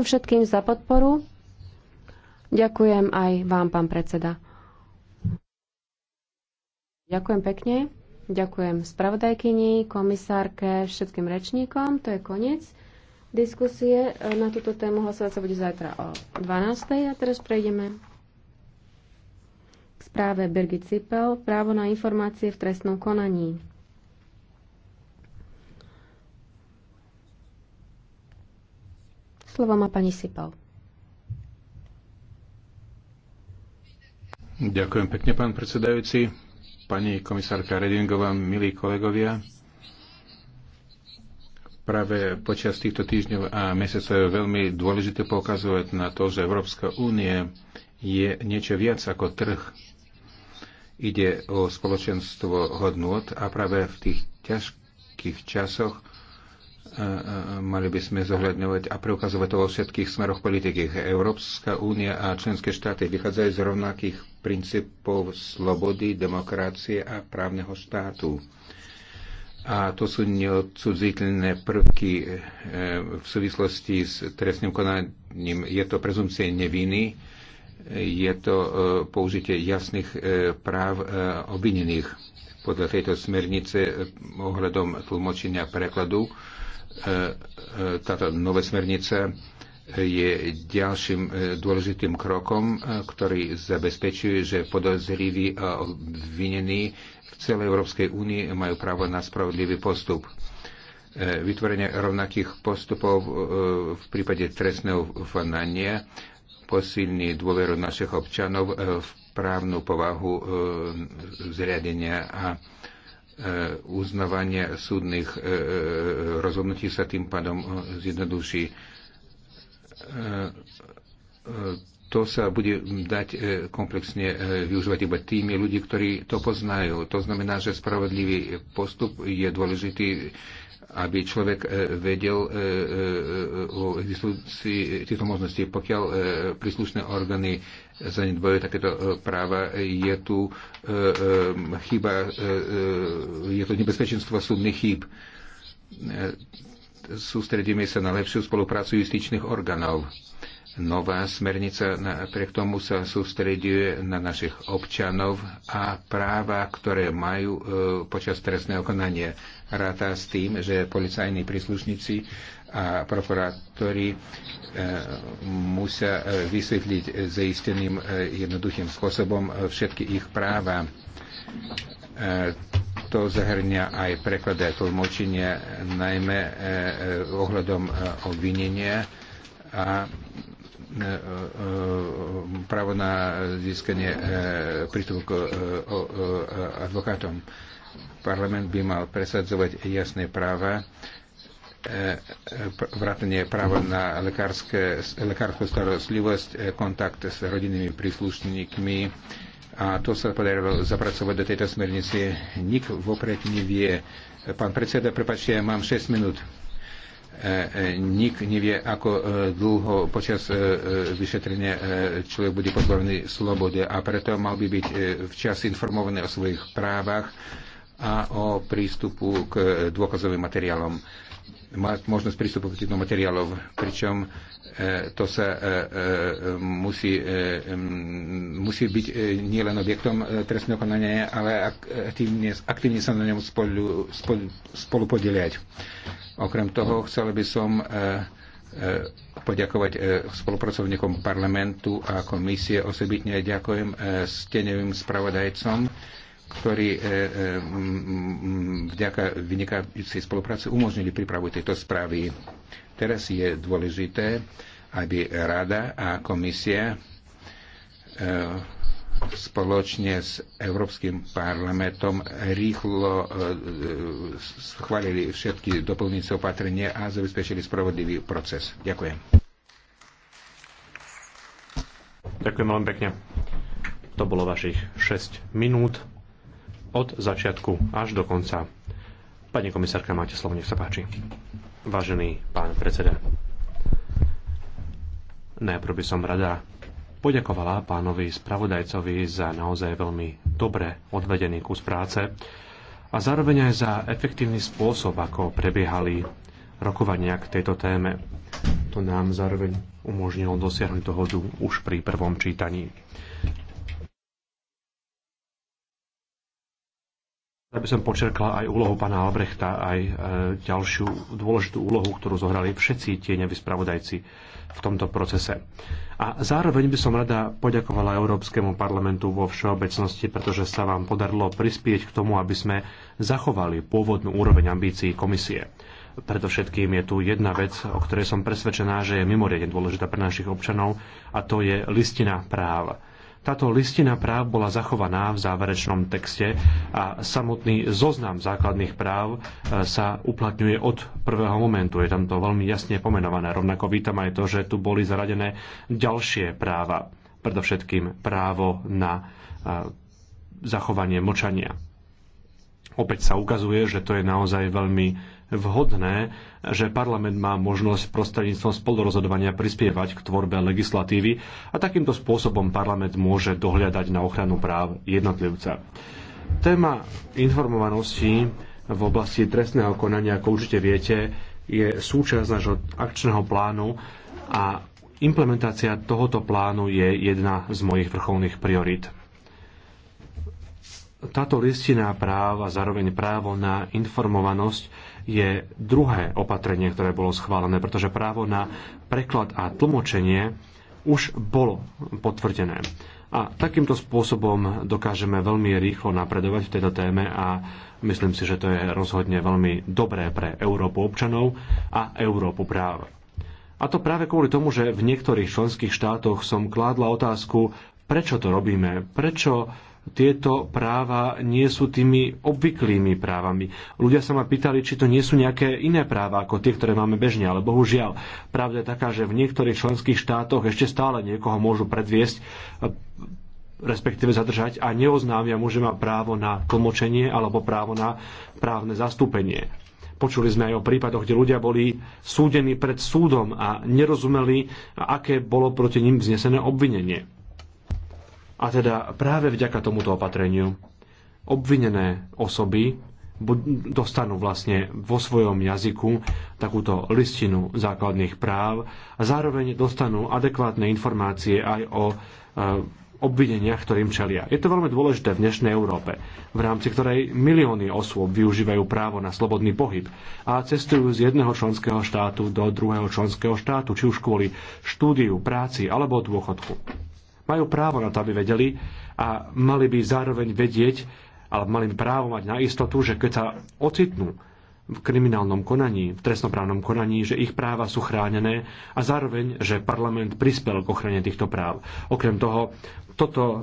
všetkým za podporu. Ďakujem aj vám, pán predseda. Ďakujem pekne. Ďakujem spravodajkyni, komisárke, všetkým rečníkom. To je koniec diskusie. Na túto tému hlasovať sa bude zajtra o 12.00. A teraz prejdeme k správe Birgit Cipel. Právo na informácie v trestnom konaní. Slovo má pani Sipal. Ďakujem pekne, pán predsedajúci. Pani komisárka Redingová, milí kolegovia, práve počas týchto týždňov a mesiacov je veľmi dôležité poukazovať na to, že Európska únie je niečo viac ako trh. Ide o spoločenstvo hodnôt a práve v tých ťažkých časoch mali by sme zohľadňovať a preukazovať to vo všetkých smeroch politiky. Európska únia a členské štáty vychádzajú z rovnakých princípov slobody, demokracie a právneho štátu. A to sú neodsudziteľné prvky e, v súvislosti s trestným konaním. Je to prezumcie neviny, je to e, použitie jasných e, práv obvinených podľa tejto smernice ohľadom tlmočenia prekladu E, e, táto nové smernice je ďalším e, dôležitým krokom, ktorý zabezpečuje, že podozriví a obvinení v celej Európskej únii majú právo na spravodlivý postup. Vytvorenie rovnakých postupov v prípade trestného vanania posilní dôveru našich občanov v právnu povahu zriadenia a E, uznávanie súdnych e, e, rozhodnutí sa tým pádom zjednoduší to sa bude dať e, komplexne e, využívať iba tými ľudí, ktorí to poznajú. To znamená, že spravodlivý postup je dôležitý, aby človek e, vedel o existujúcii týchto možností. Pokiaľ príslušné orgány zanedbajú takéto práva, je tu chyba, je to nebezpečenstvo súdnych chýb. Sústredíme sa na lepšiu spoluprácu justičných orgánov Nová smernica napriek tomu sa sústreduje na našich občanov a práva, ktoré majú e, počas trestného konania. Ráta s tým, že policajní príslušníci a prokurátori e, musia e, vysvetliť zaisteným jednoduchým spôsobom všetky ich práva. To zahrňa aj preklady a tlmočenie, najmä ohľadom obvinenia a E, e, právo na získanie e, prístupu k advokátom. Parlament by mal presadzovať jasné práva, vrátanie práva na lekárskú starostlivosť, kontakt s rodinnými príslušníkmi, a to sa podarilo zapracovať do tejto smernice. Nik vopred nevie. Pán predseda, prepačte, ja mám 6 minút. E, e, nik nevie, ako e, dlho počas vyšetrenia človek bude pozbavený slobode a preto mal by byť včas informovaný o svojich právach a o prístupu k dôkazovým materiálom. Mať možnosť prístupu k týchto materiálov, pričom to sa musí, musí byť nielen objektom trestného konania, ale aktívne, aktívne sa na ňom spolu, spolu, spolu podeliať Okrem toho chcel by som e, e, poďakovať e, spolupracovníkom parlamentu a komisie. Osobitne ďakujem steňovým spravodajcom, ktorí vďaka vynikajúcej spolupráci umožnili prípravu tejto správy. Teraz je dôležité, aby Rada a komisia spoločne s Európskym parlamentom rýchlo e, e, schválili všetky doplňujúce opatrenia a zabezpečili spravodlivý proces. Ďakujem. Ďakujem veľmi pekne. To bolo vašich 6 minút od začiatku až do konca. Pani komisárka, máte slovo, nech sa páči. Vážený pán predseda, najprv by som rada poďakovala pánovi spravodajcovi za naozaj veľmi dobre odvedený kus práce a zároveň aj za efektívny spôsob, ako prebiehali rokovania k tejto téme. To nám zároveň umožnilo dosiahnuť dohodu už pri prvom čítaní. Aby som počerkla aj úlohu pána Albrechta, aj e, ďalšiu dôležitú úlohu, ktorú zohrali všetci tieňoví spravodajci v tomto procese. A zároveň by som rada poďakovala Európskemu parlamentu vo všeobecnosti, pretože sa vám podarilo prispieť k tomu, aby sme zachovali pôvodnú úroveň ambícií komisie. Predovšetkým je tu jedna vec, o ktorej som presvedčená, že je mimoriadne dôležitá pre našich občanov, a to je listina práv táto listina práv bola zachovaná v záverečnom texte a samotný zoznam základných práv e, sa uplatňuje od prvého momentu. Je tam to veľmi jasne pomenované. Rovnako vítam aj to, že tu boli zaradené ďalšie práva, predovšetkým právo na e, zachovanie mlčania. Opäť sa ukazuje, že to je naozaj veľmi vhodné, že parlament má možnosť prostredníctvom spolurozhodovania prispievať k tvorbe legislatívy a takýmto spôsobom parlament môže dohľadať na ochranu práv jednotlivca. Téma informovanosti v oblasti trestného konania, ako určite viete, je súčasť nášho akčného plánu a implementácia tohoto plánu je jedna z mojich vrcholných priorit. Táto listina práv a zároveň právo na informovanosť je druhé opatrenie, ktoré bolo schválené, pretože právo na preklad a tlmočenie už bolo potvrdené. A takýmto spôsobom dokážeme veľmi rýchlo napredovať v tejto téme a myslím si, že to je rozhodne veľmi dobré pre Európu občanov a Európu práv. A to práve kvôli tomu, že v niektorých členských štátoch som kládla otázku, prečo to robíme, prečo tieto práva nie sú tými obvyklými právami. Ľudia sa ma pýtali, či to nie sú nejaké iné práva ako tie, ktoré máme bežne, ale bohužiaľ, pravda je taká, že v niektorých členských štátoch ešte stále niekoho môžu predviesť respektíve zadržať a neoznámia mu, že má právo na tlmočenie alebo právo na právne zastúpenie. Počuli sme aj o prípadoch, kde ľudia boli súdení pred súdom a nerozumeli, aké bolo proti ním vznesené obvinenie a teda práve vďaka tomuto opatreniu obvinené osoby dostanú vlastne vo svojom jazyku takúto listinu základných práv a zároveň dostanú adekvátne informácie aj o eh, obvineniach, ktorým čelia. Je to veľmi dôležité v dnešnej Európe, v rámci ktorej milióny osôb využívajú právo na slobodný pohyb a cestujú z jedného členského štátu do druhého členského štátu, či už kvôli štúdiu, práci alebo dôchodku. Majú právo na to, aby vedeli a mali by zároveň vedieť, ale mali by právo mať na istotu, že keď sa ocitnú v kriminálnom konaní, v trestnoprávnom konaní, že ich práva sú chránené a zároveň, že parlament prispel k ochrane týchto práv. Okrem toho, toto e,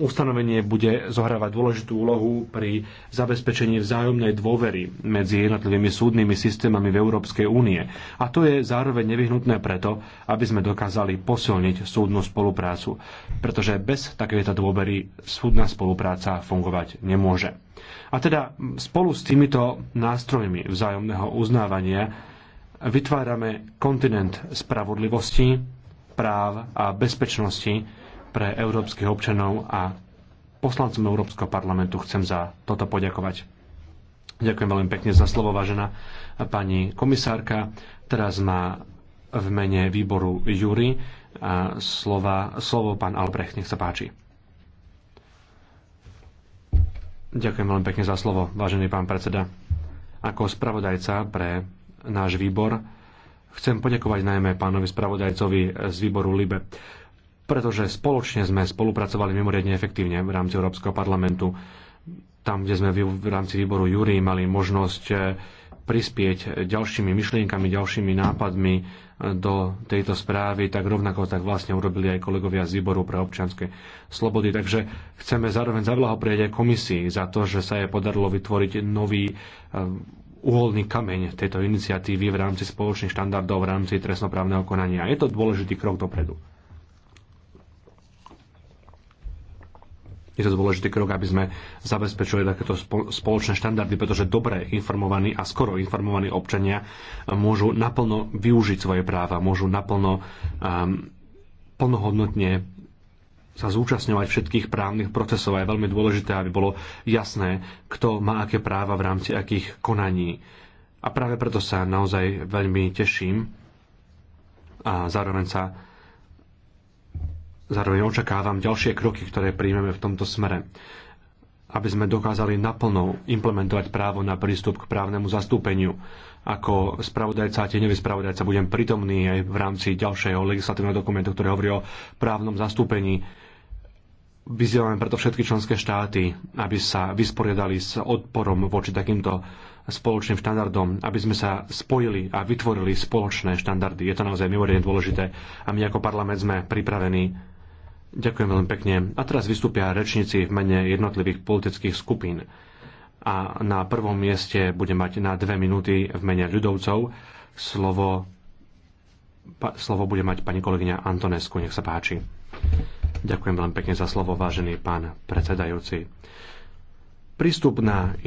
ustanovenie bude zohrávať dôležitú úlohu pri zabezpečení vzájomnej dôvery medzi jednotlivými súdnymi systémami v Európskej únie. A to je zároveň nevyhnutné preto, aby sme dokázali posilniť súdnu spoluprácu, pretože bez takéto dôvery súdna spolupráca fungovať nemôže. A teda spolu s týmito nástrojmi vzájomného uznávania vytvárame kontinent spravodlivosti, práv a bezpečnosti, pre európskych občanov a poslancom Európskeho parlamentu chcem za toto poďakovať. Ďakujem veľmi pekne za slovo, vážená pani komisárka. Teraz má v mene výboru Jury a slova, slovo pán Albrecht, nech sa páči. Ďakujem veľmi pekne za slovo, vážený pán predseda. Ako spravodajca pre náš výbor chcem poďakovať najmä pánovi spravodajcovi z výboru LIBE pretože spoločne sme spolupracovali mimoriadne efektívne v rámci Európskeho parlamentu. Tam, kde sme v rámci výboru Júri mali možnosť eh, prispieť ďalšími myšlienkami, ďalšími nápadmi eh, do tejto správy, tak rovnako tak vlastne urobili aj kolegovia z výboru pre občianske slobody. Takže chceme zároveň zablahoprieť aj komisii za to, že sa je podarilo vytvoriť nový eh, uholný kameň tejto iniciatívy v rámci spoločných štandardov, v rámci trestnoprávneho konania. Je to dôležitý krok dopredu. je to dôležitý krok, aby sme zabezpečili takéto spoločné štandardy, pretože dobre informovaní a skoro informovaní občania môžu naplno využiť svoje práva, môžu naplno um, plnohodnotne sa zúčastňovať všetkých právnych procesov a je veľmi dôležité, aby bolo jasné, kto má aké práva v rámci akých konaní. A práve preto sa naozaj veľmi teším a zároveň sa Zároveň očakávam ďalšie kroky, ktoré príjmeme v tomto smere aby sme dokázali naplno implementovať právo na prístup k právnemu zastúpeniu. Ako spravodajca a tenevý spravodajca budem pritomný aj v rámci ďalšieho legislatívneho dokumentu, ktorý hovorí o právnom zastúpení. Vyzývame preto všetky členské štáty, aby sa vysporiadali s odporom voči takýmto spoločným štandardom, aby sme sa spojili a vytvorili spoločné štandardy. Je to naozaj mimoriadne dôležité a my ako parlament sme pripravení Ďakujem veľmi pekne. A teraz vystúpia rečníci v mene jednotlivých politických skupín. A na prvom mieste bude mať na dve minúty v mene ľudovcov slovo, pa, slovo bude mať pani kolegyňa Antonesku. Nech sa páči. Ďakujem veľmi pekne za slovo, vážený pán predsedajúci. Prístup na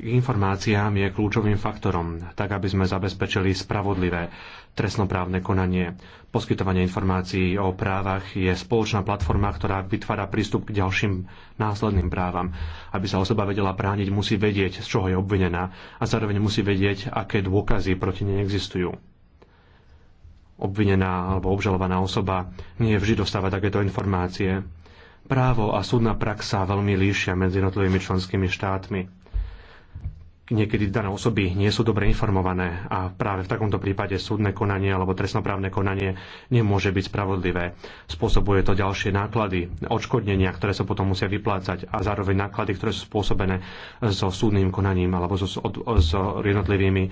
informáciám je kľúčovým faktorom, tak aby sme zabezpečili spravodlivé trestnoprávne konanie. Poskytovanie informácií o právach je spoločná platforma, ktorá vytvára prístup k ďalším následným právam. Aby sa osoba vedela brániť, musí vedieť, z čoho je obvinená a zároveň musí vedieť, aké dôkazy proti nej existujú. Obvinená alebo obžalovaná osoba nie vždy dostáva takéto informácie Právo a súdna praxa veľmi líšia medzi jednotlivými členskými štátmi niekedy dané osoby nie sú dobre informované a práve v takomto prípade súdne konanie alebo trestnoprávne konanie nemôže byť spravodlivé. Spôsobuje to ďalšie náklady, odškodnenia, ktoré sa potom musia vyplácať a zároveň náklady, ktoré sú spôsobené so súdnym konaním alebo so, so, so jednotlivými e,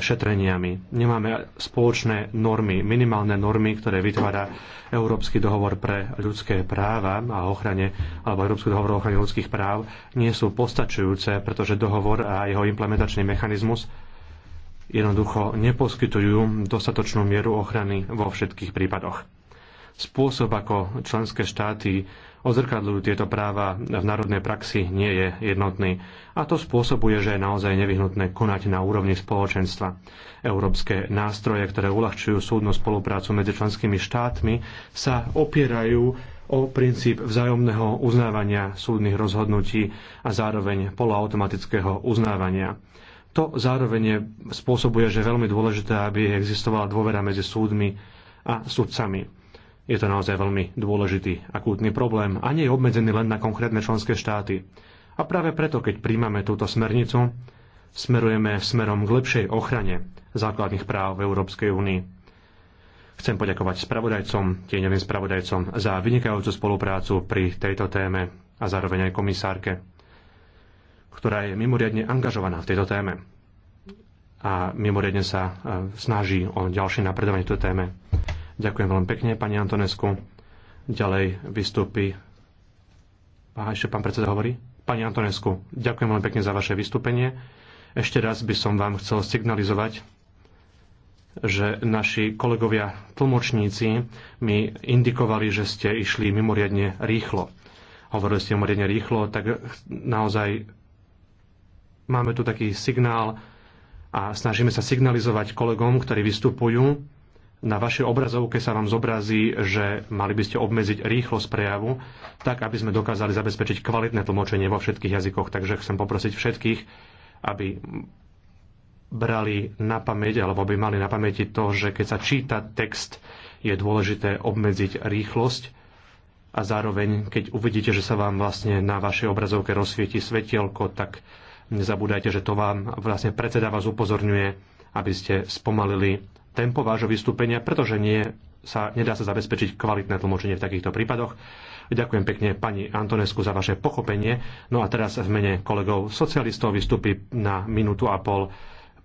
šetreniami. Nemáme spoločné normy, minimálne normy, ktoré vytvára Európsky dohovor pre ľudské práva a ochrane, alebo Európsky dohovor o ochrane ľudských práv, nie sú postačujúce, pretože dohovor a jeho jeho implementačný mechanizmus, jednoducho neposkytujú dostatočnú mieru ochrany vo všetkých prípadoch. Spôsob, ako členské štáty odzrkadľujú tieto práva v národnej praxi, nie je jednotný. A to spôsobuje, že je naozaj nevyhnutné konať na úrovni spoločenstva. Európske nástroje, ktoré uľahčujú súdnu spoluprácu medzi členskými štátmi, sa opierajú o princíp vzájomného uznávania súdnych rozhodnutí a zároveň poloautomatického uznávania. To zároveň spôsobuje, že je veľmi dôležité, aby existovala dôvera medzi súdmi a súdcami. Je to naozaj veľmi dôležitý akútny problém a nie je obmedzený len na konkrétne členské štáty. A práve preto, keď príjmame túto smernicu, smerujeme smerom k lepšej ochrane základných práv v Európskej únii. Chcem poďakovať spravodajcom, tieňovým spravodajcom za vynikajúcu spoluprácu pri tejto téme a zároveň aj komisárke, ktorá je mimoriadne angažovaná v tejto téme a mimoriadne sa e, snaží o ďalšie napredovanie tejto téme. Ďakujem veľmi pekne, pani Antonesku. Ďalej vystúpi... A ešte pán predseda hovorí? Pani Antonesku, ďakujem veľmi pekne za vaše vystúpenie. Ešte raz by som vám chcel signalizovať, že naši kolegovia tlmočníci mi indikovali, že ste išli mimoriadne rýchlo. Hovorili ste mimoriadne rýchlo, tak naozaj máme tu taký signál a snažíme sa signalizovať kolegom, ktorí vystupujú. Na vašej obrazovke sa vám zobrazí, že mali by ste obmedziť rýchlosť prejavu, tak aby sme dokázali zabezpečiť kvalitné tlmočenie vo všetkých jazykoch. Takže chcem poprosiť všetkých, aby brali na pamäť, alebo by mali na pamäti to, že keď sa číta text, je dôležité obmedziť rýchlosť, a zároveň, keď uvidíte, že sa vám vlastne na vašej obrazovke rozsvieti svetielko, tak nezabúdajte, že to vám vlastne predseda vás upozorňuje, aby ste spomalili tempo vášho vystúpenia, pretože nie sa, nedá sa zabezpečiť kvalitné tlmočenie v takýchto prípadoch. Ďakujem pekne pani Antonesku za vaše pochopenie. No a teraz v mene kolegov socialistov vystúpi na minútu a pol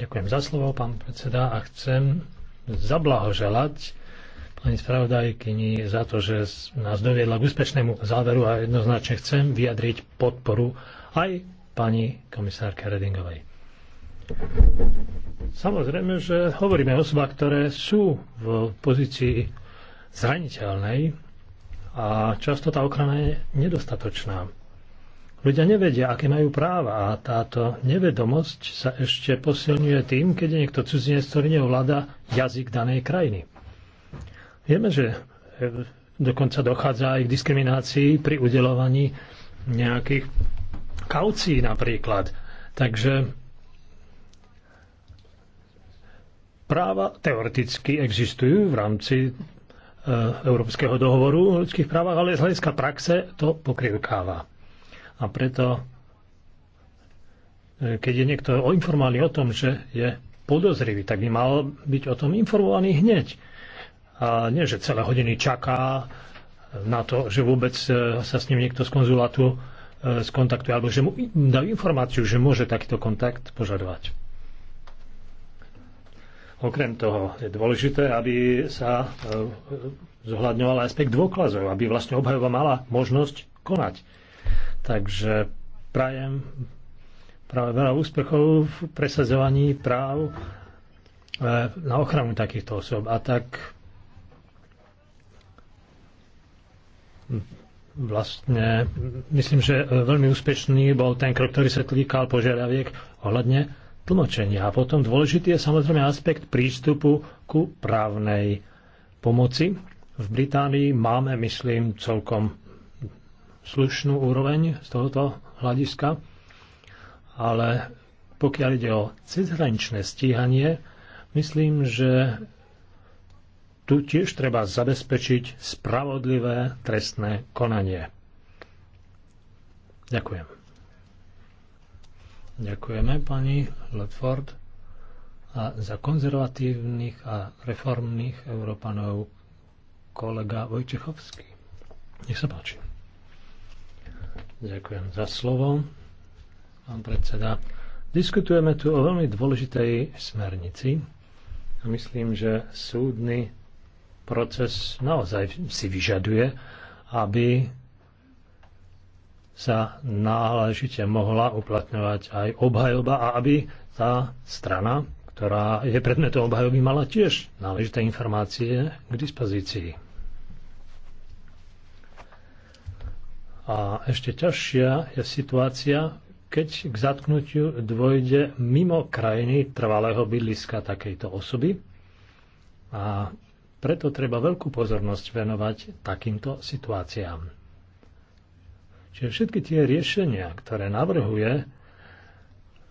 Ďakujem za slovo, pán predseda, a chcem zablahoželať pani spravodajkyni za to, že nás doviedla k úspešnému záveru a jednoznačne chcem vyjadriť podporu aj pani komisárke Redingovej. Samozrejme, že hovoríme o osobách, ktoré sú v pozícii zraniteľnej a často tá ochrana je nedostatočná. Ľudia nevedia, aké majú práva a táto nevedomosť sa ešte posilňuje tým, keď je niekto cudzinec, ktorý neovláda jazyk danej krajiny. Vieme, že e, dokonca dochádza aj k diskriminácii pri udelovaní nejakých kaucií napríklad. Takže práva teoreticky existujú v rámci e, Európskeho dohovoru o ľudských právach, ale z hľadiska praxe to pokrivkáva. A preto, e, keď je niekto informovaný o tom, že je podozrivý, tak by mal byť o tom informovaný hneď. A nie, že celé hodiny čaká na to, že vôbec e, sa s ním niekto z konzulátu e, skontaktuje, alebo že mu dá informáciu, že môže takýto kontakt požadovať. Okrem toho je dôležité, aby sa zohľadňoval aspekt dôkazov, aby vlastne obhajova mala možnosť konať. Takže prajem práve veľa úspechov v presadzovaní práv eh, na ochranu takýchto osob. A tak vlastne myslím, že veľmi úspešný bol ten krok, ktorý sa týkal požiadaviek ohľadne tlmočenia. A potom dôležitý je samozrejme aspekt prístupu ku právnej pomoci. V Británii máme, myslím, celkom slušnú úroveň z tohoto hľadiska, ale pokiaľ ide o cezhraničné stíhanie, myslím, že tu tiež treba zabezpečiť spravodlivé trestné konanie. Ďakujem. Ďakujeme pani Ledford a za konzervatívnych a reformných Európanov kolega Vojtechovský. Nech sa páči. Ďakujem za slovo, pán predseda. Diskutujeme tu o veľmi dôležitej smernici a myslím, že súdny proces naozaj si vyžaduje, aby sa náležite mohla uplatňovať aj obhajoba a aby tá strana, ktorá je predmetom obhajoby, mala tiež náležité informácie k dispozícii. A ešte ťažšia je situácia, keď k zatknutiu dôjde mimo krajiny trvalého bydliska takejto osoby. A preto treba veľkú pozornosť venovať takýmto situáciám. Čiže všetky tie riešenia, ktoré navrhuje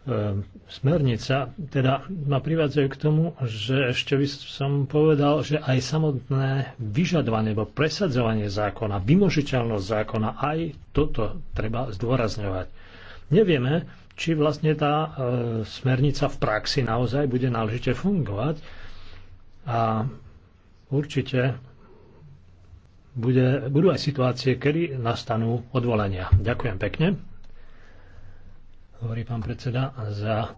Ehm, smernica teda ma privádzajú k tomu, že ešte by som povedal, že aj samotné vyžadovanie alebo presadzovanie zákona, vymožiteľnosť zákona, aj toto treba zdôrazňovať. Nevieme, či vlastne tá e, smernica v praxi naozaj bude náležite fungovať a určite bude, budú aj situácie, kedy nastanú odvolenia. Ďakujem pekne hovorí pán predseda, za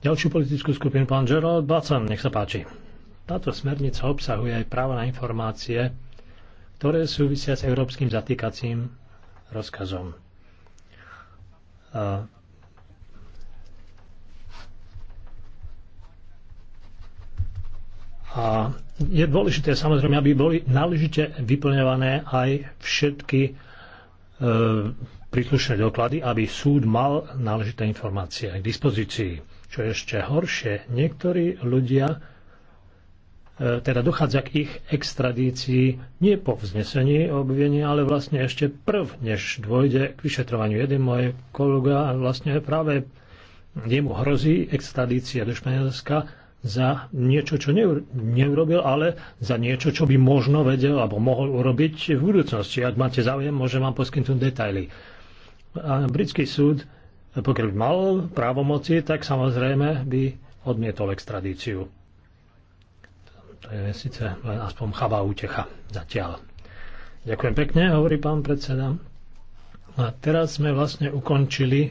ďalšiu politickú skupinu pán Gerald Batson, Nech sa páči. Táto smernica obsahuje aj právo na informácie, ktoré súvisia s európskym zatýkacím rozkazom. A A je dôležité samozrejme, aby boli náležite vyplňované aj všetky e, príslušné doklady, aby súd mal náležité informácie k dispozícii. Čo je ešte horšie, niektorí ľudia, e, teda dochádza k ich extradícii nie po vznesení obvinenia, ale vlastne ešte prv, než dôjde k vyšetrovaniu. Jeden môj kolega vlastne práve jemu hrozí extradícia do Španielska za niečo, čo neurobil, ale za niečo, čo by možno vedel alebo mohol urobiť v budúcnosti. Ak máte záujem, môžem vám poskytnúť detaily. A britský súd, pokiaľ by mal právomoci, tak samozrejme by odmietol extradíciu. To je síce len aspoň chabá útecha zatiaľ. Ďakujem pekne, hovorí pán predseda. A teraz sme vlastne ukončili e,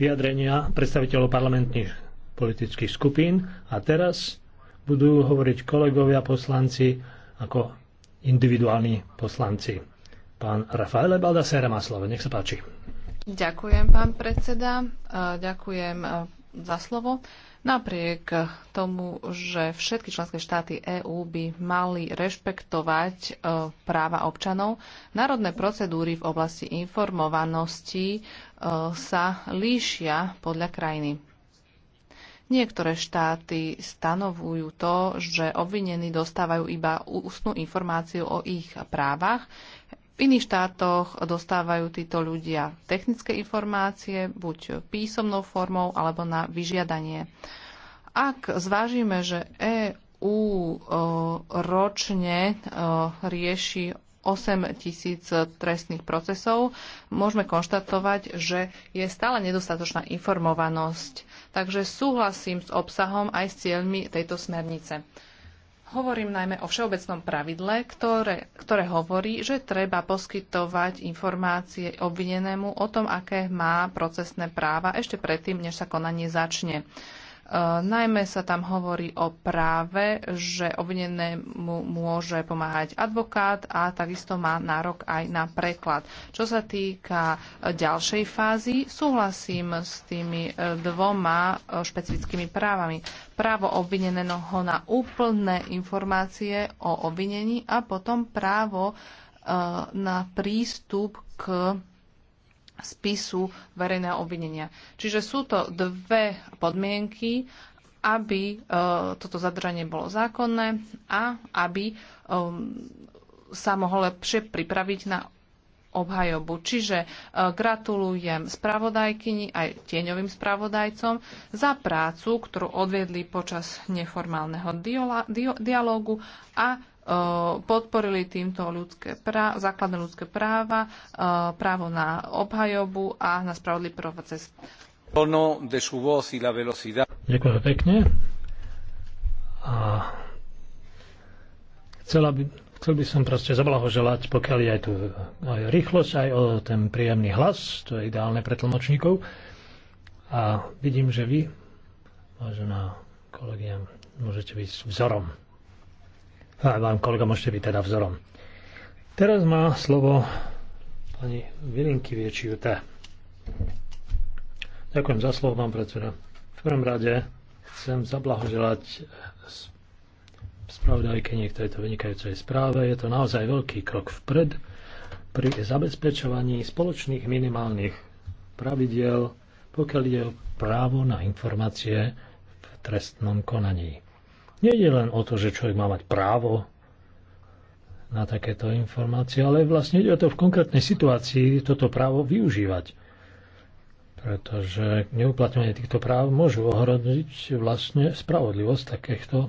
vyjadrenia predstaviteľov parlamentných politických skupín a teraz budú hovoriť kolegovia poslanci ako individuálni poslanci. Pán Rafaele Baldasera má slovo, nech sa páči. Ďakujem, pán predseda. Ďakujem za slovo. Napriek tomu, že všetky členské štáty EÚ by mali rešpektovať e, práva občanov, národné procedúry v oblasti informovanosti e, sa líšia podľa krajiny. Niektoré štáty stanovujú to, že obvinení dostávajú iba ústnu informáciu o ich právach, v iných štátoch dostávajú títo ľudia technické informácie, buď písomnou formou alebo na vyžiadanie. Ak zvážime, že EÚ e, ročne e, rieši 8 tisíc trestných procesov, môžeme konštatovať, že je stále nedostatočná informovanosť. Takže súhlasím s obsahom aj s cieľmi tejto smernice. Hovorím najmä o všeobecnom pravidle, ktoré, ktoré hovorí, že treba poskytovať informácie obvinenému o tom, aké má procesné práva ešte predtým, než sa konanie začne. Eh, najmä sa tam hovorí o práve, že obvinenému môže pomáhať advokát a takisto má nárok aj na preklad. Čo sa týka eh, ďalšej fázy, súhlasím s tými eh, dvoma špecifickými právami. Právo obvineného na úplné informácie o obvinení a potom právo na prístup k spisu verejného obvinenia. Čiže sú to dve podmienky, aby e, toto zadržanie bolo zákonné a aby e, sa mohol lepšie pripraviť na obhajobu. Čiže e, gratulujem spravodajkyni aj tieňovým spravodajcom za prácu, ktorú odvedli počas neformálneho dialógu a E, podporili týmto ľudské prá- základné ľudské práva, e, právo na obhajobu a na spravodlivý proces. Ďakujem pekne. A chcela by, chcel by som proste zablahoželať, pokiaľ je aj tu aj rýchlosť, aj o ten príjemný hlas, to je ideálne pre tlmočníkov. A vidím, že vy, vážená kolegia, môžete byť vzorom. A vám kolega môžete byť teda vzorom. Teraz má slovo pani Vilinky Viečiute. Ďakujem za slovo, pán predseda. V prvom rade chcem zablahoželať spravodajke k tejto vynikajúcej správe. Je to naozaj veľký krok vpred pri zabezpečovaní spoločných minimálnych pravidiel, pokiaľ ide o právo na informácie v trestnom konaní. Nejde len o to, že človek má mať právo na takéto informácie, ale vlastne ide o to v konkrétnej situácii toto právo využívať. Pretože neuplatňovanie týchto práv môžu ohrodiť vlastne spravodlivosť takýchto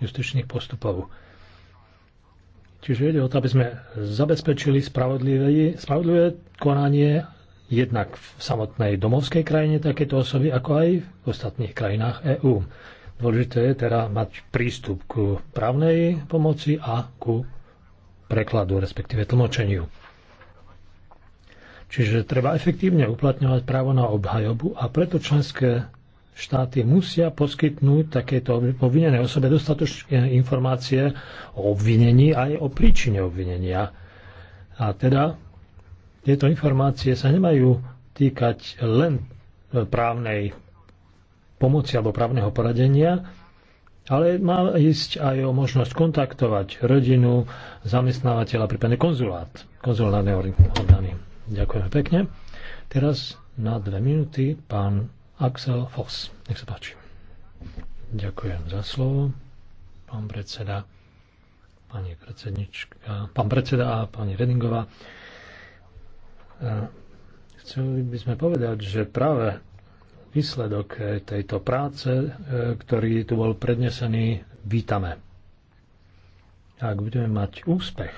justičných postupov. Čiže ide o to, aby sme zabezpečili spravodlivé, spravodlivé konanie jednak v samotnej domovskej krajine takéto osoby, ako aj v ostatných krajinách EÚ. Dôležité je teda mať prístup ku právnej pomoci a ku prekladu, respektíve tlmočeniu. Čiže treba efektívne uplatňovať právo na obhajobu a preto členské štáty musia poskytnúť takéto obvinené osobe dostatočné informácie o obvinení aj o príčine obvinenia. A teda tieto informácie sa nemajú týkať len právnej pomoci alebo právneho poradenia, ale má ísť aj o možnosť kontaktovať rodinu, zamestnávateľa, prípadne konzulát, konzulárne orgány. Ďakujeme pekne. Teraz na dve minúty pán Axel Foss. Nech sa páči. Ďakujem za slovo, pán predseda, pani predsednička, pán predseda a pani Redingová. E, chceli by sme povedať, že práve výsledok eh, tejto práce, eh, ktorý tu bol prednesený, vítame. Ak budeme mať úspech,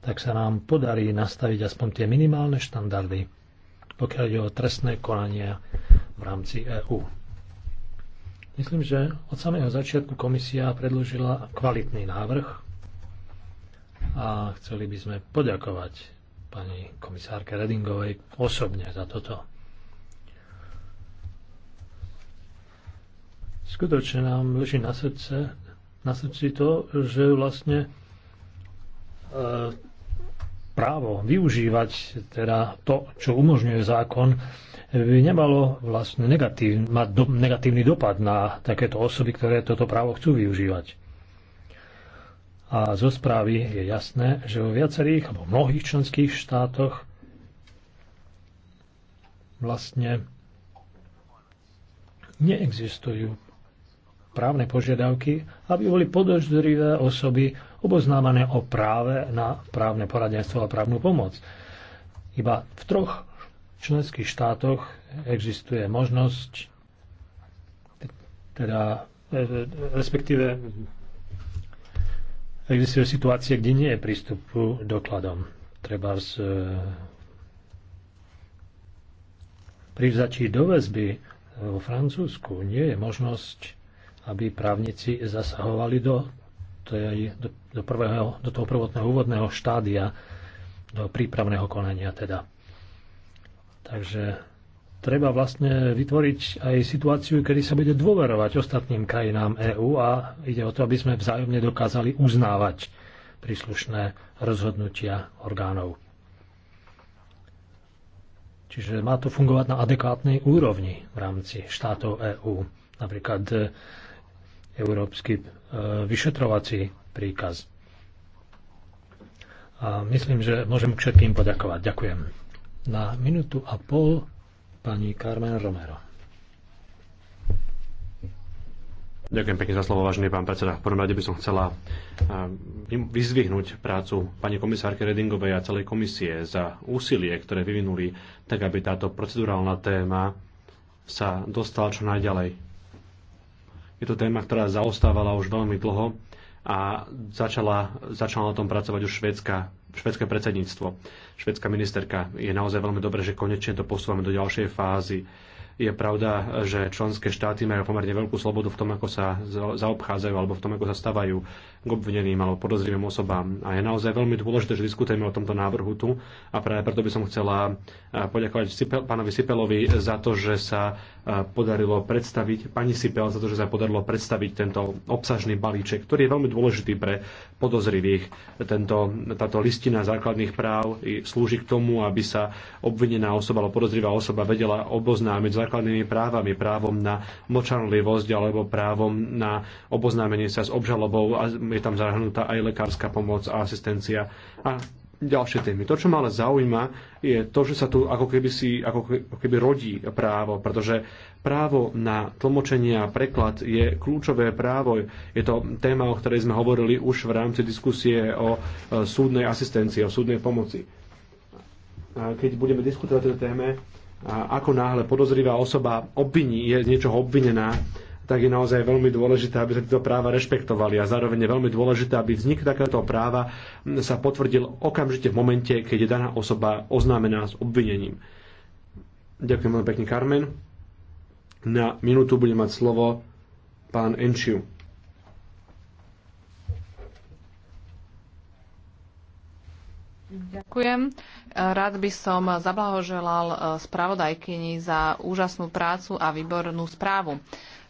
tak sa nám podarí nastaviť aspoň tie minimálne štandardy, pokiaľ ide o trestné konania v rámci EÚ. Myslím, že od samého začiatku komisia predložila kvalitný návrh a chceli by sme poďakovať pani komisárke Redingovej osobne za toto. Skutočne nám leží na, srdce, na srdci to, že vlastne e, právo využívať teda to, čo umožňuje zákon, by nemalo vlastne negatív, mať do, negatívny dopad na takéto osoby, ktoré toto právo chcú využívať. A zo správy je jasné, že vo viacerých alebo mnohých členských štátoch vlastne neexistujú právne požiadavky, aby boli podozrivé osoby oboznámané o práve na právne poradenstvo a právnu pomoc. Iba v troch členských štátoch existuje možnosť, teda e, e, respektíve existuje situácie, kde nie je prístupu dokladom. Treba z e, pri vzačí do väzby vo Francúzsku nie je možnosť aby právnici zasahovali do, to je, do, do, prvého, do toho prvotného úvodného štádia, do prípravného konania teda. Takže treba vlastne vytvoriť aj situáciu, kedy sa bude dôverovať ostatným krajinám EÚ a ide o to, aby sme vzájomne dokázali uznávať príslušné rozhodnutia orgánov. Čiže má to fungovať na adekvátnej úrovni v rámci štátov EÚ. Napríklad európsky e, vyšetrovací príkaz. A myslím, že môžem všetkým poďakovať. Ďakujem. Na minútu a pol pani Carmen Romero. Ďakujem pekne za slovo, vážený pán predseda. V prvom rade by som chcela e, vyzvihnúť prácu pani komisárke Redingovej a celej komisie za úsilie, ktoré vyvinuli, tak aby táto procedurálna téma sa dostala čo najďalej je to téma, ktorá zaostávala už veľmi dlho a začala, začala na tom pracovať už švédska, švédske predsedníctvo. Švédska ministerka je naozaj veľmi dobré, že konečne to posúvame do ďalšej fázy. Je pravda, že členské štáty majú pomerne veľkú slobodu v tom, ako sa zaobchádzajú alebo v tom, ako sa stavajú k obvineným alebo podozrivým osobám. A je naozaj veľmi dôležité, že diskutujeme o tomto návrhu tu. A práve preto by som chcela eh, poďakovať pánovi Sipelovi za to, že sa podarilo predstaviť, pani Sipel za to, že sa podarilo predstaviť tento obsažný balíček, ktorý je veľmi dôležitý pre podozrivých. Tento, táto listina základných práv slúži k tomu, aby sa obvinená osoba alebo podozrivá osoba vedela oboznámiť základnými právami, právom na močanlivosť alebo právom na oboznámenie sa s obžalobou a je tam zahrnutá aj lekárska pomoc a asistencia a ďalšie témy. To, čo ma ale zaujíma, je to, že sa tu ako keby, si, ako keby rodí právo, pretože právo na tlmočenie a preklad je kľúčové právo. Je to téma, o ktorej sme hovorili už v rámci diskusie o e, súdnej asistencii, o súdnej pomoci. Keď budeme diskutovať o téme, ako náhle podozrivá osoba obviní, je z niečoho obvinená, tak je naozaj veľmi dôležité, aby sa tieto práva rešpektovali a zároveň je veľmi dôležité, aby vznik takéto práva hm, sa potvrdil okamžite v momente, keď je daná osoba oznámená s obvinením. Ďakujem veľmi pekne, Carmen. Na minútu bude mať slovo pán Enčiu. Ďakujem. Rád by som zablahoželal eh, spravodajkyni za úžasnú prácu a výbornú správu.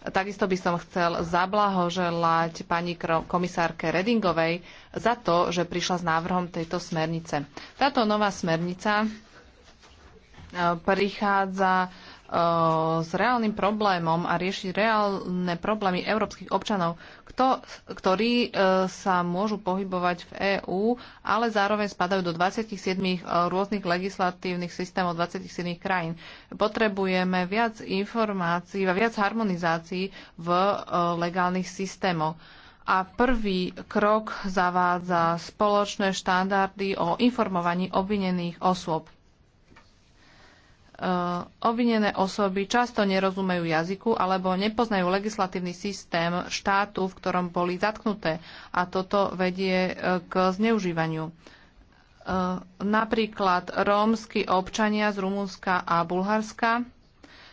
Takisto by som chcel zablahoželať pani komisárke Redingovej za to, že prišla s návrhom tejto smernice. Táto nová smernica e, prichádza Eh, s reálnym problémom a riešiť reálne problémy európskych občanov, kto, ktorí eh, sa môžu pohybovať v EÚ, ale zároveň spadajú do 27 eh, rôznych legislatívnych systémov 27 krajín. Potrebujeme viac informácií a viac harmonizácií v legálnych systémoch a prvý krok zavádza spoločné štandardy o informovaní obvinených osôb. Eh, obvinené osoby často nerozumejú jazyku alebo nepoznajú legislatívny systém štátu, v ktorom boli zatknuté a toto vedie eh, k zneužívaniu. Eh, napríklad rómsky občania z Rumunska a Bulharska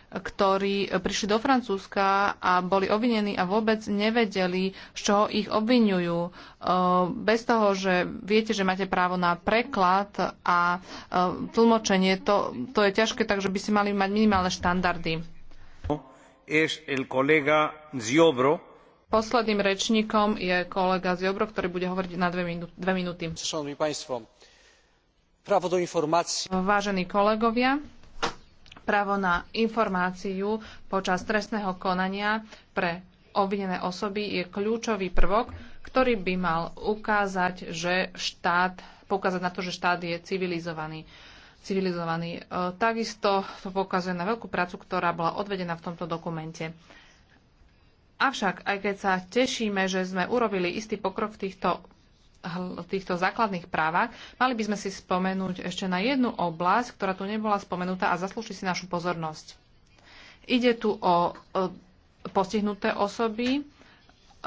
ktorí prišli do Francúzska a boli obvinení a vôbec nevedeli, z čoho ich obvinujú. E, bez toho, že viete, že máte právo na preklad a e, tlmočenie, to, to je ťažké, takže by si mali mať minimálne štandardy. Posledným rečníkom je kolega Ziobro, ktorý bude hovoriť na dve, minú- dve minúty. Vážení kolegovia, právo na informáciu počas trestného konania pre obvinené osoby je kľúčový prvok, ktorý by mal ukázať, že štát, poukázať na to, že štát je civilizovaný. civilizovaný. E, takisto to poukazuje na veľkú prácu, ktorá bola odvedená v tomto dokumente. Avšak, aj keď sa tešíme, že sme urobili istý pokrok v týchto týchto základných právach, mali by sme si spomenúť ešte na jednu oblasť, ktorá tu nebola spomenutá a zaslúži si našu pozornosť. Ide tu o postihnuté osoby e,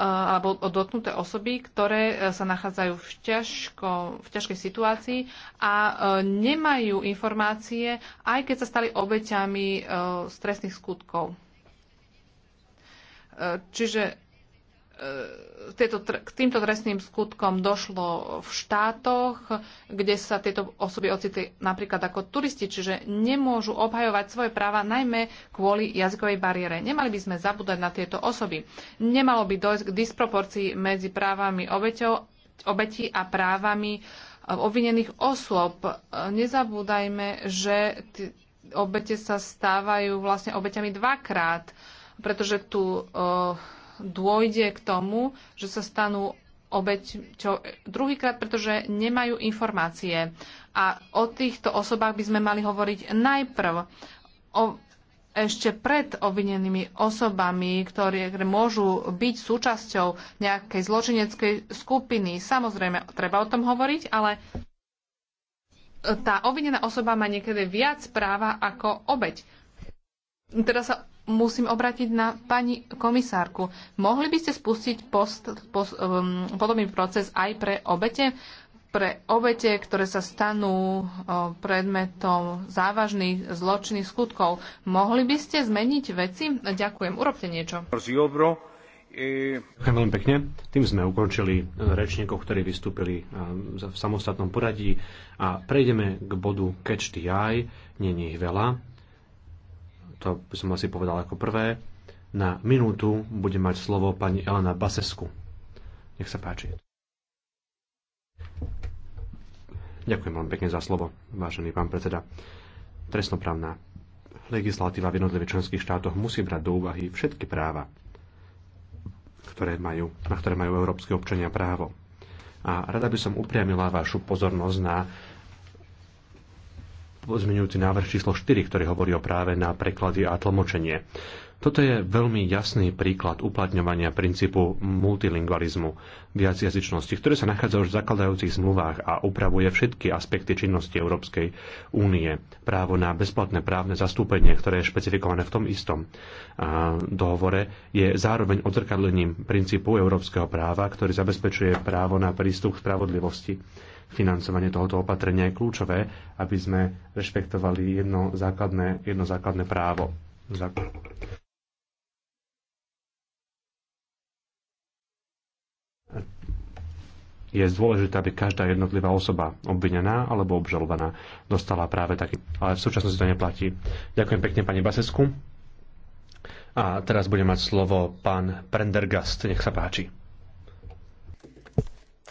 alebo o dotknuté osoby, ktoré e, sa nachádzajú v, ťažko, v ťažkej situácii a e, nemajú informácie, aj keď sa stali obeťami stresných skutkov. Čiže E, tieto, k týmto trestným skutkom došlo v štátoch, kde sa tieto osoby ocitli napríklad ako turisti, čiže nemôžu obhajovať svoje práva najmä kvôli jazykovej bariére. Nemali by sme zabúdať na tieto osoby. Nemalo by dojsť k disproporcii medzi právami obeťov, obetí a právami e, obvinených osôb. E, nezabúdajme, že obete sa stávajú vlastne obeťami dvakrát, pretože tu uh, dôjde k tomu, že sa stanú obeť čo, druhýkrát, pretože nemajú informácie. A o týchto osobách by sme mali hovoriť najprv o, ešte pred obvinenými osobami, ktoré môžu byť súčasťou nejakej zločineckej skupiny. Samozrejme, treba o tom hovoriť, ale tá obvinená osoba má niekedy viac práva ako obeť. Teraz sa musím obrátiť na pani komisárku. Mohli by ste spustiť post, post, um, podobný proces aj pre obete? Pre obete, ktoré sa stanú predmetom závažných zločinných skutkov. Mohli by ste zmeniť veci? Ďakujem, urobte niečo. Ďakujem veľmi pekne. Tým sme ukončili e, rečníkov, ktorí vystúpili e, v samostatnom poradí a prejdeme k bodu Catch the Eye. Není ich veľa to by som asi povedal ako prvé, na minútu bude mať slovo pani Elena Basesku. Nech sa páči. Ďakujem veľmi pekne za slovo, vážený pán predseda. Trestnoprávna legislatíva v jednotlivých členských štátoch musí brať do úvahy všetky práva, ktoré majú, na ktoré majú európske občania právo. A rada by som upriamila vašu pozornosť na pozmeňujúci návrh číslo 4, ktorý hovorí o práve na preklady a tlmočenie. Toto je veľmi jasný príklad uplatňovania princípu multilingualizmu, viacjazyčnosti, ktoré sa nachádza už v zakladajúcich zmluvách a upravuje všetky aspekty činnosti Európskej únie. Právo na bezplatné právne zastúpenie, ktoré je špecifikované v tom istom dohovore, je zároveň odzrkadlením princípu európskeho práva, ktorý zabezpečuje právo na prístup k spravodlivosti financovanie tohoto opatrenia je kľúčové, aby sme rešpektovali jedno základné, jedno základné právo. je dôležité, aby každá jednotlivá osoba obvinená alebo obžalovaná dostala práve taký. Ale v súčasnosti to neplatí. Ďakujem pekne pani Basesku. A teraz bude mať slovo pán Prendergast. Nech sa páči.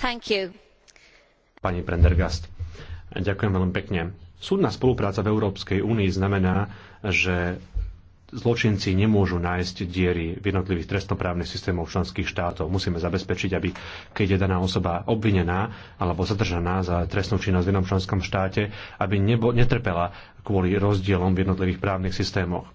Thank you. Pani Prendergast, ďakujem veľmi pekne. Súdna spolupráca v Európskej únii znamená, že zločinci nemôžu nájsť diery v jednotlivých trestnoprávnych systémov členských štátov. Musíme zabezpečiť, aby keď je daná osoba obvinená alebo zadržaná za trestnú činnosť v jednom členskom štáte, aby nebo, netrpela kvôli rozdielom v jednotlivých právnych systémoch.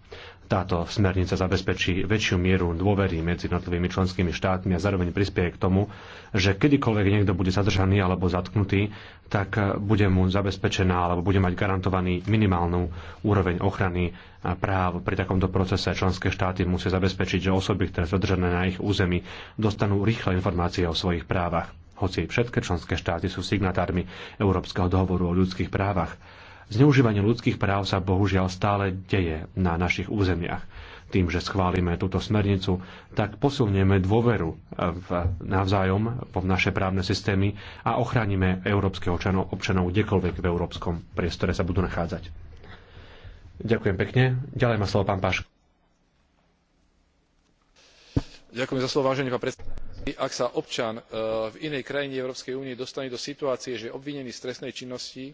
Táto smernica zabezpečí väčšiu mieru dôvery medzi jednotlivými členskými štátmi a zároveň prispieje k tomu, že kedykoľvek niekto bude zadržaný alebo zatknutý, tak bude mu zabezpečená alebo bude mať garantovaný minimálnu úroveň ochrany a práv. Pri takomto procese členské štáty musia zabezpečiť, že osoby, ktoré sú zadržané na ich území, dostanú rýchle informácie o svojich právach. Hoci všetky členské štáty sú signatármi Európskeho dohovoru o ľudských právach, Zneužívanie ľudských práv sa bohužiaľ stále deje na našich územiach. Tým, že schválime túto smernicu, tak posunieme dôveru v, navzájom v naše právne systémy a ochránime európskeho občanov, občanov kdekoľvek v európskom priestore sa budú nachádzať. Ďakujem pekne. Ďalej má slovo pán Páško. Ďakujem za slovo, vážený pán predseda ak sa občan e, v inej krajine európskej únie dostane do situácie že je obvinený z trestnej činnosti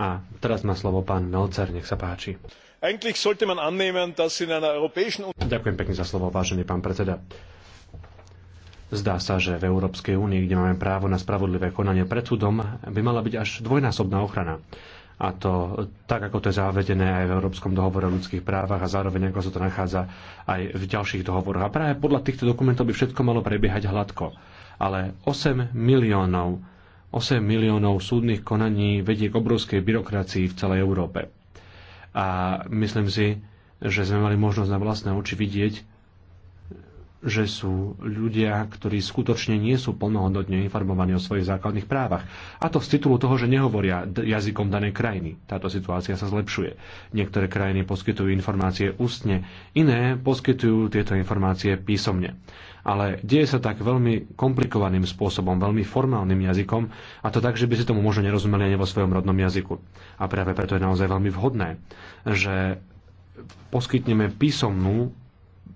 A teraz má slovo pán Melcer, nech sa páči. Ďakujem pekne za slovo, vážený pán predseda. Zdá sa, že v Európskej únii, kde máme právo na spravodlivé konanie pred súdom, by mala byť až dvojnásobná ochrana. A to tak, ako to je zavedené aj v Európskom dohovore o ľudských právach a zároveň ako sa to nachádza aj v ďalších dohovoroch. A práve podľa týchto dokumentov by všetko malo prebiehať hladko. Ale 8 miliónov 8 miliónov súdnych konaní vedie k obrovskej byrokracii v celej Európe. A myslím si, že sme mali možnosť na vlastné oči vidieť, že sú ľudia, ktorí skutočne nie sú plnohodnotne informovaní o svojich základných právach. A to z titulu toho, že nehovoria jazykom danej krajiny. Táto situácia sa zlepšuje. Niektoré krajiny poskytujú informácie ústne, iné poskytujú tieto informácie písomne. Ale deje sa tak veľmi komplikovaným spôsobom, veľmi formálnym jazykom, a to tak, že by si tomu možno nerozumeli ani vo svojom rodnom jazyku. A práve preto je naozaj veľmi vhodné, že poskytneme písomnú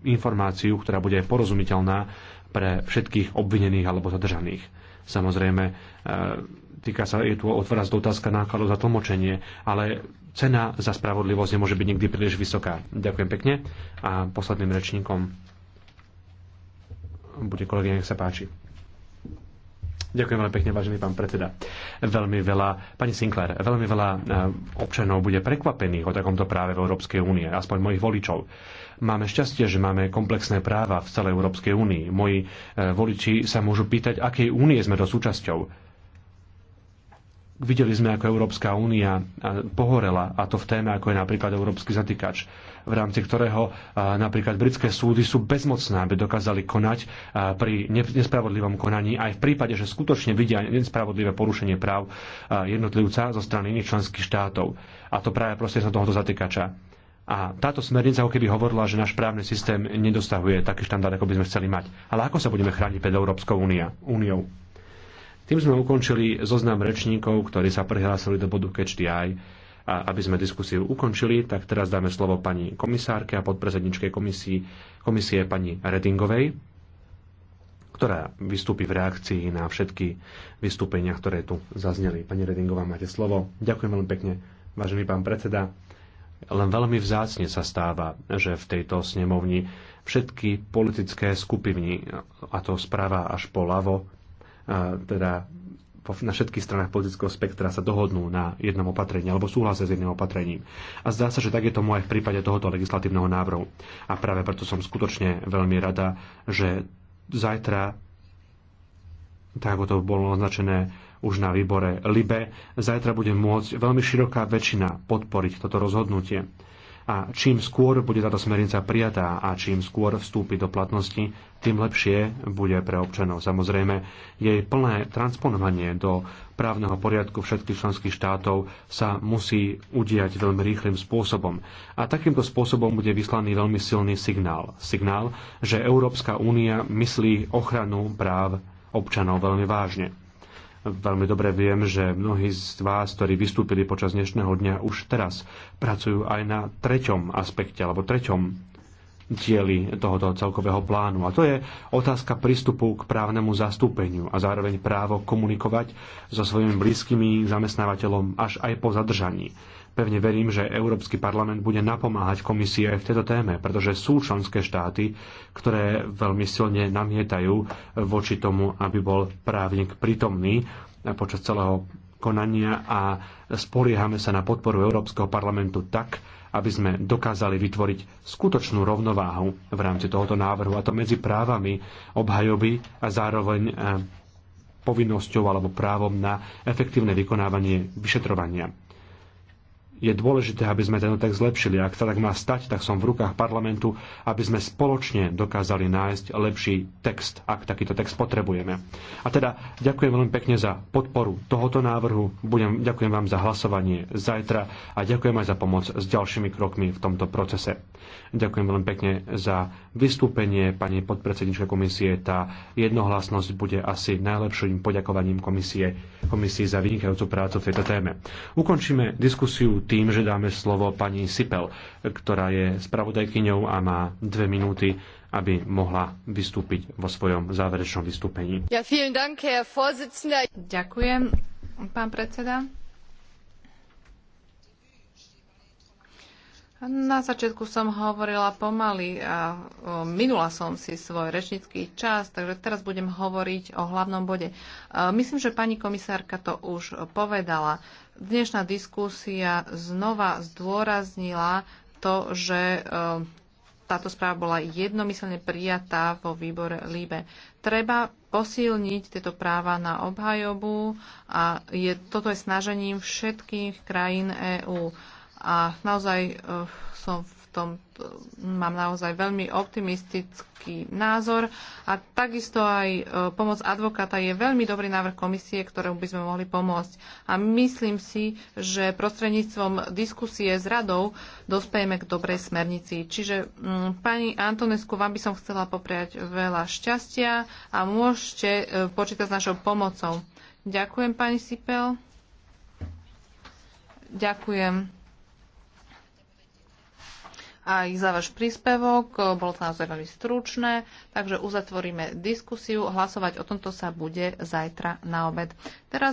informáciu, ktorá bude porozumiteľná pre všetkých obvinených alebo zadržaných. Samozrejme, e, týka sa, je tu otvára otázka nákladov za tlmočenie, ale cena za spravodlivosť nemôže byť nikdy príliš vysoká. Ďakujem pekne a posledným rečníkom bude kolegyňa, nech sa páči. Ďakujem veľmi pekne, vážený pán predseda. Veľmi veľa, pani Sinclair, veľmi veľa eh, občanov bude prekvapených o takomto práve v Európskej únie, aspoň mojich voličov. Máme šťastie, že máme komplexné práva v celej Európskej únii. Moji eh, voliči sa môžu pýtať, akej únie sme to súčasťou Videli sme, ako Európska únia pohorela, a to v téme, ako je napríklad Európsky zatýkač, v rámci ktorého napríklad britské súdy sú bezmocné, aby dokázali konať pri nespravodlivom konaní, aj v prípade, že skutočne vidia nespravodlivé porušenie práv jednotlivca zo strany iných členských štátov. A to práve proste sa tohoto zatýkača. A táto smernica ako keby hovorila, že náš právny systém nedostahuje taký štandard, ako by sme chceli mať. Ale ako sa budeme chrániť pred Európskou únia, úniou? Tým sme ukončili zoznam rečníkov, ktorí sa prihlásili do bodu Catch the Eye. A aby sme diskusiu ukončili, tak teraz dáme slovo pani komisárke a podpredsedničkej komisii, komisie pani Redingovej, ktorá vystúpi v reakcii na všetky vystúpenia, ktoré tu zazneli. Pani Redingová, máte slovo. Ďakujem veľmi pekne, vážený pán predseda. Len veľmi vzácne sa stáva, že v tejto snemovni všetky politické skupiny, a to sprava až po lavo, teda na všetkých stranách politického spektra sa dohodnú na jednom opatrení alebo súhlasia s jedným opatrením. A zdá sa, že tak je tomu aj v prípade tohoto legislatívneho návrhu. A práve preto som skutočne veľmi rada, že zajtra, tak ako to bolo označené už na výbore LIBE, zajtra bude môcť veľmi široká väčšina podporiť toto rozhodnutie. A čím skôr bude táto smernica prijatá a čím skôr vstúpi do platnosti, tým lepšie bude pre občanov. Samozrejme, jej plné transponovanie do právneho poriadku všetkých členských štátov sa musí udiať veľmi rýchlým spôsobom. A takýmto spôsobom bude vyslaný veľmi silný signál. Signál, že Európska únia myslí ochranu práv občanov veľmi vážne. Veľmi dobre viem, že mnohí z vás, ktorí vystúpili počas dnešného dňa, už teraz pracujú aj na treťom aspekte alebo treťom dieli tohoto celkového plánu. A to je otázka prístupu k právnemu zastúpeniu a zároveň právo komunikovať so svojimi blízkymi zamestnávateľom až aj po zadržaní. Pevne verím, že Európsky parlament bude napomáhať komisii aj v tejto téme, pretože sú členské štáty, ktoré veľmi silne namietajú voči tomu, aby bol právnik prítomný počas celého konania a spoliehame sa na podporu Európskeho parlamentu tak, aby sme dokázali vytvoriť skutočnú rovnováhu v rámci tohoto návrhu, a to medzi právami obhajoby a zároveň eh, povinnosťou alebo právom na efektívne vykonávanie vyšetrovania je dôležité, aby sme tento text zlepšili. Ak sa tak má stať, tak som v rukách parlamentu, aby sme spoločne dokázali nájsť lepší text, ak takýto text potrebujeme. A teda ďakujem veľmi pekne za podporu tohoto návrhu, Budem, ďakujem vám za hlasovanie zajtra a ďakujem aj za pomoc s ďalšími krokmi v tomto procese. Ďakujem veľmi pekne za vystúpenie pani podpredsedničke komisie. Tá jednohlasnosť bude asi najlepším poďakovaním komisie, komisii za vynikajúcu prácu v tejto téme. Ukončíme diskusiu tým, že dáme slovo pani Sipel, ktorá je spravodajkyňou a má dve minúty, aby mohla vystúpiť vo svojom záverečnom vystúpení. Ja, dank, Ďakujem, pán predseda. Na začiatku som hovorila pomaly a minula som si svoj rečnický čas, takže teraz budem hovoriť o hlavnom bode. Myslím, že pani komisárka to už povedala. Dnešná diskusia znova zdôraznila to, že e, táto správa bola jednomyselne prijatá vo výbore LIBE. Treba posilniť tieto práva na obhajobu a je, toto je snažením všetkých krajín EÚ. A naozaj e, som som tom mám naozaj veľmi optimistický názor a takisto aj e, pomoc advokáta je veľmi dobrý návrh komisie, ktorému by sme mohli pomôcť. A myslím si, že prostredníctvom diskusie s radou dospejeme k dobrej smernici. Čiže mm, pani Antonesku, vám by som chcela popriať veľa šťastia a môžete e, počítať s našou pomocou. Ďakujem, pani Sipel. Ďakujem aj za váš príspevok. Eh, bolo to naozaj veľmi stručné, takže uzatvoríme diskusiu. Hlasovať o tomto sa bude zajtra na obed. Teraz